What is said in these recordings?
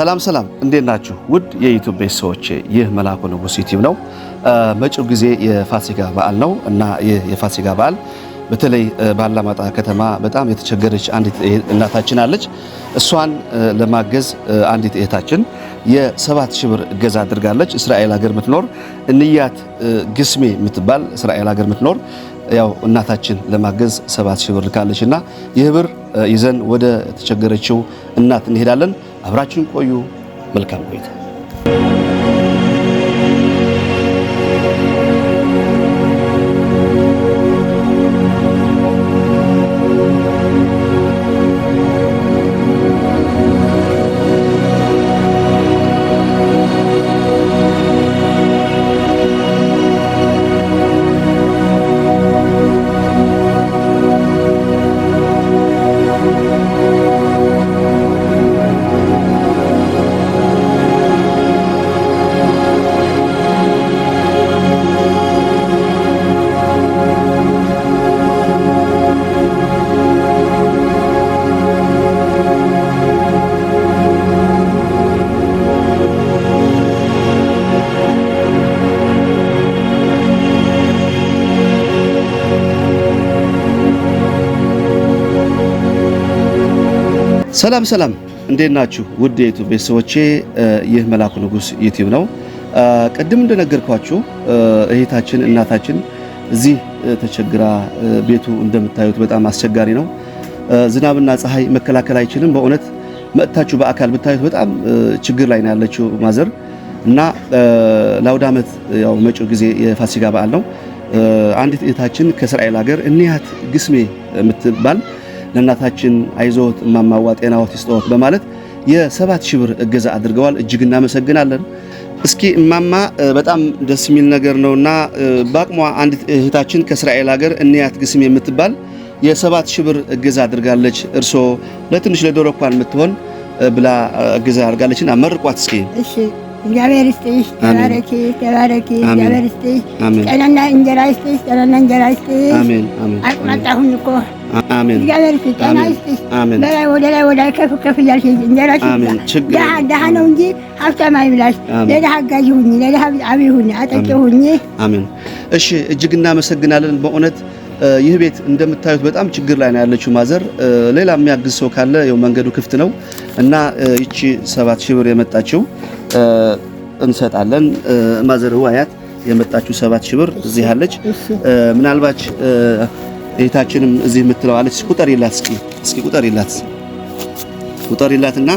ሰላም ሰላም፣ እንዴት ናችሁ? ውድ የዩቱብ ቤተሰቦች ይህ መላኩ ንጉስ ዩቲዩብ ነው። መጪው ጊዜ የፋሲካ በዓል ነው እና ይህ የፋሲካ በዓል በተለይ ባላማጣ ከተማ በጣም የተቸገረች አንዲት እናታችን አለች። እሷን ለማገዝ አንዲት እህታችን የሰባት ሺህ ብር እገዛ አድርጋለች። እስራኤል ሀገር ምትኖር እንያት ግስሜ የምትባል እስራኤል ሀገር ምትኖር ያው እናታችን ለማገዝ ሰባት ሺህ ብር ልካለች እና ይህ ብር ይዘን ወደ ተቸገረችው እናት እንሄዳለን። አብራችን ቆዩ። መልካም ቆይታ ሰላም ሰላም፣ እንዴት ናችሁ? ውድ የዩቱብ ቤተሰቦቼ፣ ይህ መላኩ ንጉስ ዩቲዩብ ነው። ቅድም እንደነገርኳችሁ እህታችን እናታችን እዚህ ተቸግራ ቤቱ እንደምታዩት በጣም አስቸጋሪ ነው። ዝናብና ፀሐይ መከላከል አይችልም። በእውነት መጥታችሁ በአካል ብታዩት በጣም ችግር ላይ ነው ያለችው ማዘር እና ለአውድ ዓመት ያው መጪው ጊዜ የፋሲካ በዓል ነው። አንዲት እህታችን ከእስራኤል ሀገር እኒያት ግስሜ የምትባል ለእናታችን አይዞት እማማዋ ጤናዎት ይስጠዎት በማለት የሰባት ሺህ ብር እገዛ አድርገዋል። እጅግ እናመሰግናለን። እስኪ እማማ በጣም ደስ የሚል ነገር ነውና በአቅሟ አንድ እህታችን ከእስራኤል ሀገር እንያት ግስም የምትባል የሰባት ሺህ ብር እገዛ አድርጋለች። እርሶ ለትንሽ ለዶሮ እንኳን የምትሆን ብላ እገዛ አድርጋለችና መርቋት እስኪ። እሺ እግዚአብሔር ይስጥሽ፣ ተባረኪ ተባረኪ። እግዚአብሔር ይስጥሽ፣ ጤናና እንጀራ ይስጥሽ፣ ጤናና እንጀራ ይስጥሽ። አሜን አሜን። አቅማጣሁኝ እኮ አሜን። እግዚአብሔር ጤና ይስጥሽ። በላይ ወደ ላይ ወደ ላይ ከፍ ከፍ እያልሽ እንጀራሽ ደሀ ነው እንጂ ሀብታም አይብላሽ። ለድሀ አጋዥ ሁኚ፣ ለድሀ አብይ ሁኚ፣ አጠጪ ሁኚ። አሜን። እሺ፣ እጅግ እናመሰግናለን በእውነት ይህ ቤት እንደምታዩት በጣም ችግር ላይ ነው ያለችው ማዘር። ሌላ የሚያግዝ ሰው ካለ ያው መንገዱ ክፍት ነው እና ይቺ ሰባት ሺህ ብር የመጣችው እንሰጣለን። ማዘር ህዋያት የመጣችው ሰባት ሺህ ብር እዚህ አለች። እህታችንም እዚህ የምትለዋለች ቁጠር ይላት እስኪ እስኪ ቁጠር ይላት ቁጠር ይላትና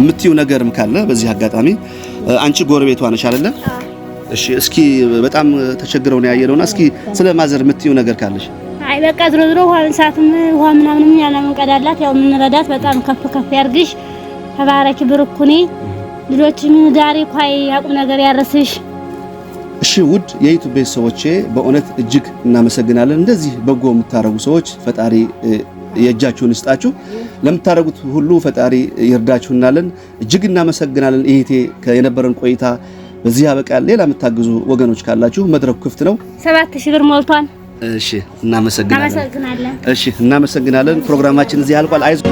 የምትዩ ነገርም ካለ በዚህ አጋጣሚ አንቺ ጎረቤቷ ነሽ አይደለ? እሺ፣ እስኪ በጣም ተቸግረው ነው ያየነውና እስኪ ስለ ማዘር የምትዩ ነገር ካለሽ። አይ በቃ ዝሮ ዝሮ ውሃ ሰዓትም ውሃ ምናምንም ያለ መንቀዳላት ያው የምንረዳት በጣም ከፍ ከፍ ያርግሽ፣ ተባረኪ፣ ብርኩኒ ልጆችም ዳሪ ኳይ ያቁም ነገር ያረስሽ እሺ ውድ የዩቱብ ቤተሰቦቼ በእውነት እጅግ እናመሰግናለን። እንደዚህ በጎ የምታደርጉ ሰዎች ፈጣሪ የእጃችሁን ይስጣችሁ። ለምታደርጉት ሁሉ ፈጣሪ ይርዳችሁ እናለን። እጅግ እናመሰግናለን። ይሄቴ የነበረን ቆይታ በዚህ ያበቃል። ሌላ የምታግዙ ወገኖች ካላችሁ መድረኩ ክፍት ነው። ሰባት ሺህ ብር ሞልቷል። እሺ እናመሰግናለን። እሺ እናመሰግናለን። ፕሮግራማችን እዚህ ያልቋል። አይዞ